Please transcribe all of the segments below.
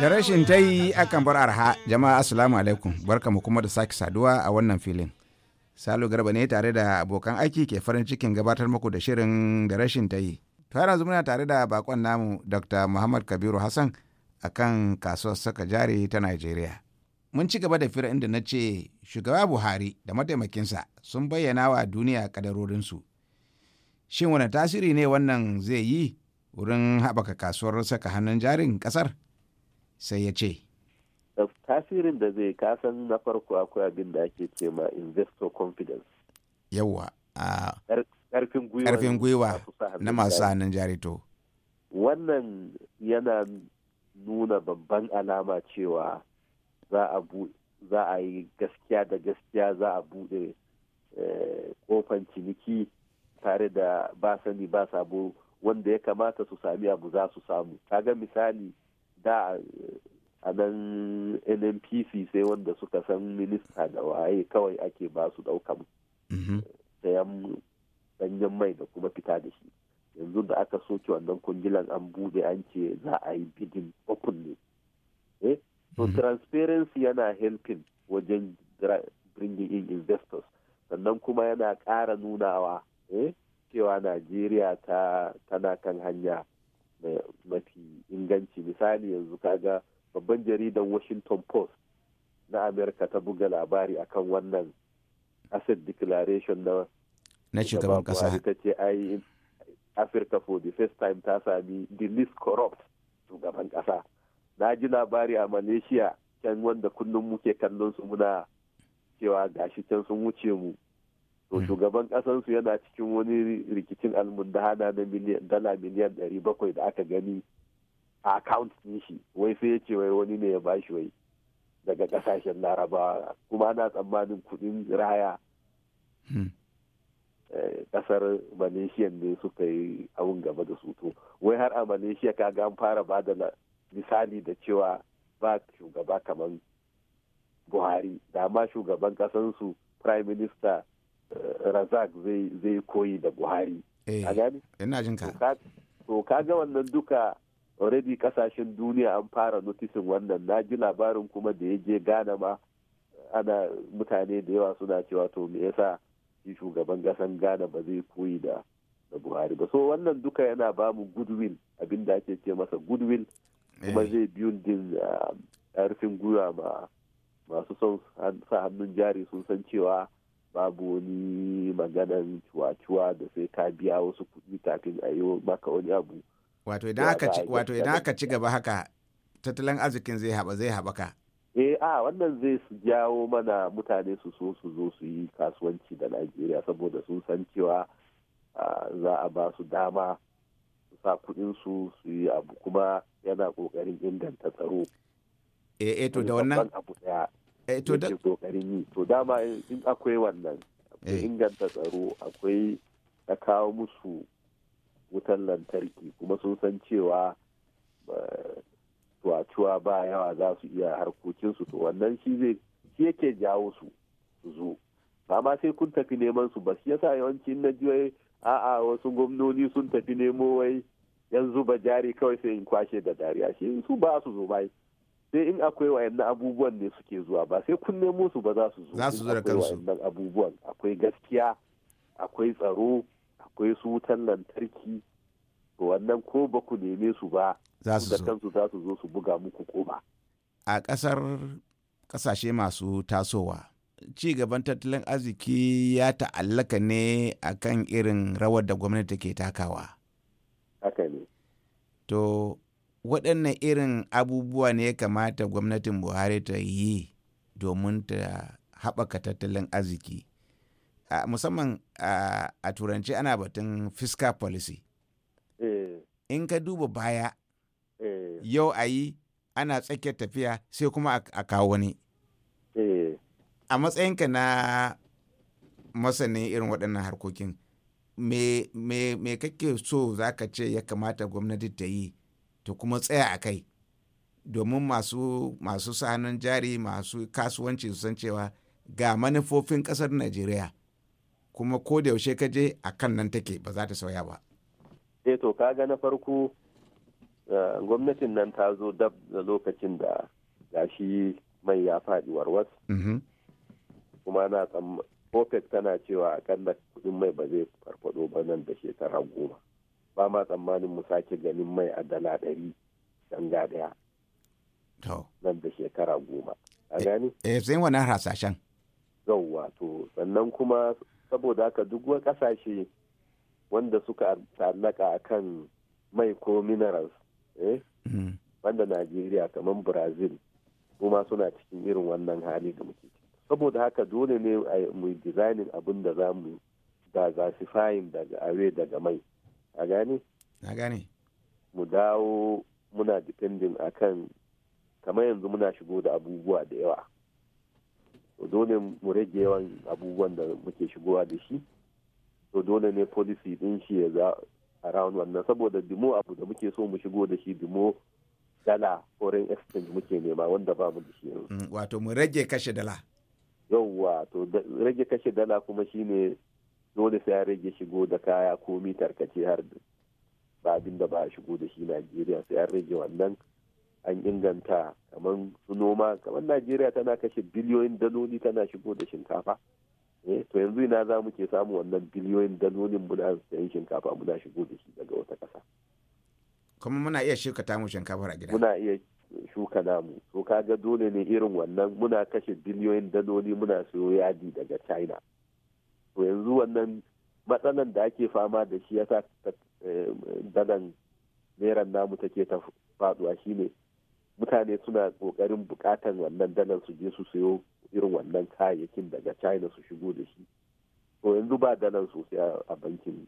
da rashin ta yi akan bar arha jama'a assalamu alaikum mu kuma da sake saduwa a wannan filin salo garba ne tare da abokan aiki ke farin cikin gabatar muku da shirin da rashin ta yi to muna tare da bakon namu dr muhammad kabiru hassan a kan kasuwar saka jari ta najeriya mun ci gaba da fira inda na ce shugaba buhari da mataimakinsa sun bayyana wa duniya kadarorinsu shin wani tasiri ne wannan zai yi wurin haɓaka kasuwar saka hannun jarin ƙasar sai ya ce tasirin da zai kasan na farko akwai abin da ake ce ma investor confidence yawa a ƙarfin gwiwa na masu hannun jari to wannan yana nuna babban alama cewa za a yi gaskiya da gaskiya za a buɗe kofan eh, ciniki tare da ba sani ba sabo wanda ya kamata su sami abu za su samu kaga misali da eh, a nan nnpc sai wanda suka san minista da waye kawai ake ba su ɗaukan mhm. eh, sayan danyen mai da kuma fita da shi yanzu da aka soke wannan kungilan an bude an ce za a yi bidin open ne eh? so mhm. transparency yana helping wajen bringing in investors sannan kuma yana ƙara nunawa cewa najeriya ta tana kan hanya mafi inganci misali yanzu kaga babban jaridar washington post na amerika ta buga labari akan wannan asset declaration na na shugaban kasa ta ce ai afirka for the first time ta sami the least corrupt shugaban kasa na ji labari a malaysia can wanda kullum muke kallon su muna cewa gashi can sun wuce mu to hmm. shugaban kasansu yana cikin wani rikicin almundahana na dala miliyan ɗari bakwai da aka gani a account ɗin shi wai sai ya ce wai wani ne ya bashi wai daga kasashen laraba kuma ana tsammanin kuɗin raya hmm. eh, ƙasar malaysia ne suka yi abun gaba da su to wai har a malaysia ka an fara ba da misali da cewa ba shugaba kamar buhari da ma shugaban kasansu prime minister razak zai koyi da buhari eh, a ina jin ka to kaga wannan duka already kasashen duniya an fara notisin wannan na ji labarin kuma da ya je gana ma ana mutane da yawa suna cewa to me yasa shi shugaban kasan gana ba zai koyi da da buhari ba so wannan duka yana ba mu goodwill da ake ce masa goodwill kuma eh. zai biyun din karfin ah, gwiwa ma masu son sa hannun jari sun san cewa babu wani maganan cuwa-cuwa da sai ka biya wasu kuɗi kafin a yi maka wani abu wato idan aka ci gaba haka tattalin arzikin zai haɓa zai haɓaka eh a wannan zai su jawo mana mutane su so su zo su yi kasuwanci da najeriya saboda sun san cewa za a ba su dama su sa kuɗinsu su yi abu kuma yana ƙoƙarin inganta tsaro eh, eh to da wannan Eh, to da kokarin yi to dama in akwai wannan eh. inganta tsaro akwai a kawo musu wutan lantarki kuma sun san cewa eh, tuwa ba yawa za su iya harkokinsu to wannan shi zai shi yake jawo su zo ba ma sai kun tafi neman su ba shi yasa yawancin na ji a'a wasu gwamnoni sun tafi nemo wai yanzu ba jari kawai sai in kwashe da dariya shi su ba su zo bai sai in akwai na abubuwan ne suke zuwa ba sai kun nemo su ba za su zo za su zo da kansu abubuwan akwai gaskiya akwai tsaro akwai su wutan lantarki to wannan ko ba ku neme su ba za su da kansu za su zo su buga muku ko ba. a kasar kasashe masu tasowa ci gaban tattalin arziki ya ta'allaka ne akan irin rawar da gwamnati ke takawa haka ne to waɗannan irin abubuwa ne ya kamata gwamnatin buhari ta yi domin ta haɓaka tattalin arziki musamman a turanci ana batun fiscal policy eh. in ka duba baya eh. yau a yi ana tsakiyar tafiya sai kuma a kawo wani eh. a matsayinka na masanin irin waɗannan harkokin me, me kake so za ka ce ya kamata gwamnati ta yi ta kuma tsaya a kai domin masu masu sanan jari masu kasuwanci su san cewa ga manufofin ƙasar najeriya kuma ko da yaushe ka je a kan nan take ba za ta sauya ba eh to kaga na farko eh, gwamnatin nan ta zo dab da lokacin da gashi mai ya faɗi warwas mm-hmm. kuma na opec tana cewa a kan da kudin mai ba zai farfado ba nan da shekara goma ba ma tsammanin mu sake ganin mai a dala ɗari ganga ɗaya. Nan da shekara goma. A eh, gani? Eh, sai wani hasashen. Yawwa, to sannan kuma saboda haka duk wani ƙasashe wanda suka ta'allaka a kan mai ko minerals, eh? Wanda mm. Najeriya kamar Brazil, kuma suna cikin irin wannan hali da muke Saboda haka dole ne mu yi designing abin da za mu diversifying daga awe daga mai. a gani? na gane mu dawo muna depending akan kamar yanzu muna shigo da abubuwa da yawa dole mu rage yawan abubuwan da muke shigowa da shi to dole ne policy din shi ya za a round wannan saboda dimo abu da muke so mu shigo da shi dimo dala foreign exchange muke nema wanda ba mu da shi yanzu mm, wato mu rage kashe dala yauwa to rage kashe dala kuma shine dole sai ya rage shigo da kaya ko tarkace har ba abin da ba a shigo da shi najeriya sai an rage wannan an inganta kamar su noma kamar najeriya tana kashe biliyoyin daloli tana shigo da shinkafa eh, to yanzu ina za mu ke samu wannan biliyoyin dalolin muna sayan shinkafa muna shigo da shi daga wata ƙasa kuma muna iya shuka tamu shinkafar a gida muna iya shuka namu to kaga dole ne irin wannan muna kashe biliyoyin daloli muna siyo yadi daga china to yanzu wannan matsalan da ake fama da shi yasa eh, dadan naira namu take ta faduwa shine mutane suna kokarin bukatan wannan dalan su je su sayo irin wannan kayayyakin daga china su shigo da shi to yanzu ba dalan sosai a bankin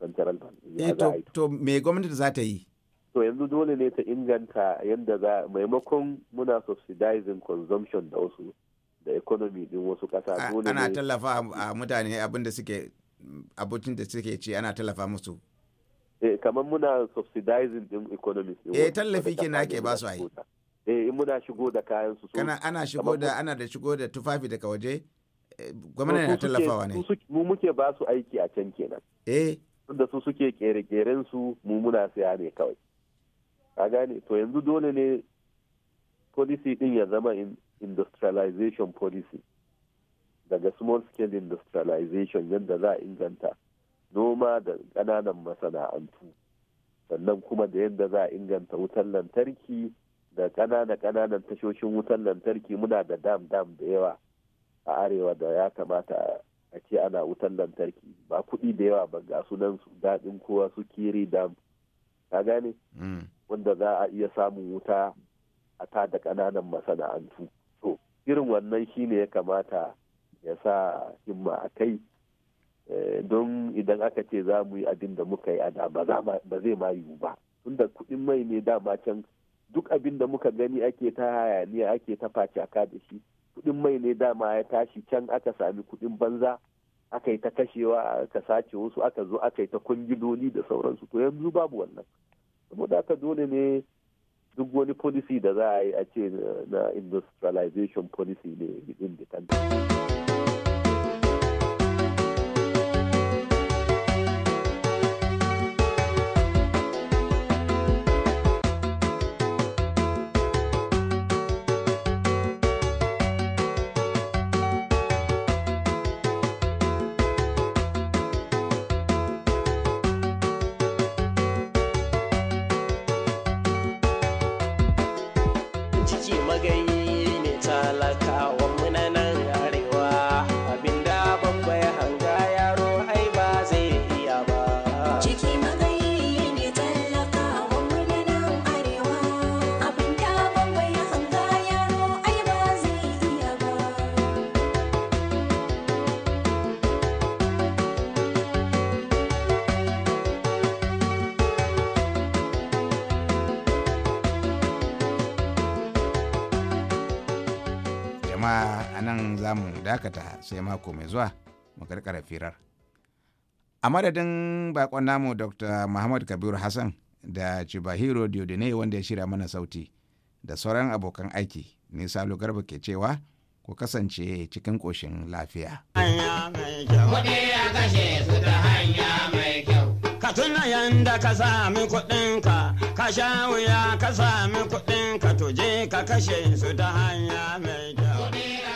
central bank eh, to me gwamnati za ta yi to yanzu dole ne ta inganta yadda za maimakon muna subsidizing consumption da wasu da economy din wasu kasa dole ana tallafa a mutane abin da suke abocin da suke ci ana tallafa musu eh kamar muna subsidizing din economy eh tallafi ke na ke ba su ai eh muna shigo da kayan su kana ana shigo da ana da shigo da tufafi daga waje eh, gwamnati na tallafawa ne mu muke ba su aiki a can kenan eh da su suke kere-keren su mu muna siya ne kawai a gane to yanzu dole ne policy din ya zama industrialization policy daga small scale industrialization yadda za a inganta noma da ƙananan masana'antu sannan kuma da yadda za a inganta wutar lantarki da ƙanana ƙananan tashoshin wutar lantarki muna da dam dam da yawa a arewa da ya kamata a ce ana wutar lantarki ba kuɗi da yawa ba ga sunan su daɗin kowa su kiri dam ka gane mm. wanda za a iya samun wuta a ta da kananan masana'antu to irin wannan shine ya kamata ya sa himma a kai eh, don idan aka ce za mu yi abin da muka yi a da ba zai ma yiwu ba tunda kuɗin mai ne dama can duk abin da muka gani ake ta hayaniya ake ta facaka da shi kuɗin mai ne dama ya tashi can aka sami kuɗin banza aka yi ta kashewa aka sace wasu aka zo aka yi ta kwangiloli da sauransu to yanzu babu wannan saboda haka dole ne duk wani policy da za a yi a ce na industrialization policy ne in the a nan za mu dakata sai mako mai zuwa mu karkara firar a madadin bakon namu dr muhammad kabiru hassan da chibahiro diodine wanda ya shirya mana sauti da sauran abokan aiki ni salo garba ke cewa ku kasance cikin ƙoshin lafiya. hanya mai bayan da ka sami kuɗinka ka sha wuya ka sami kuɗinka tuje ka kashe su ta hanya mai kyau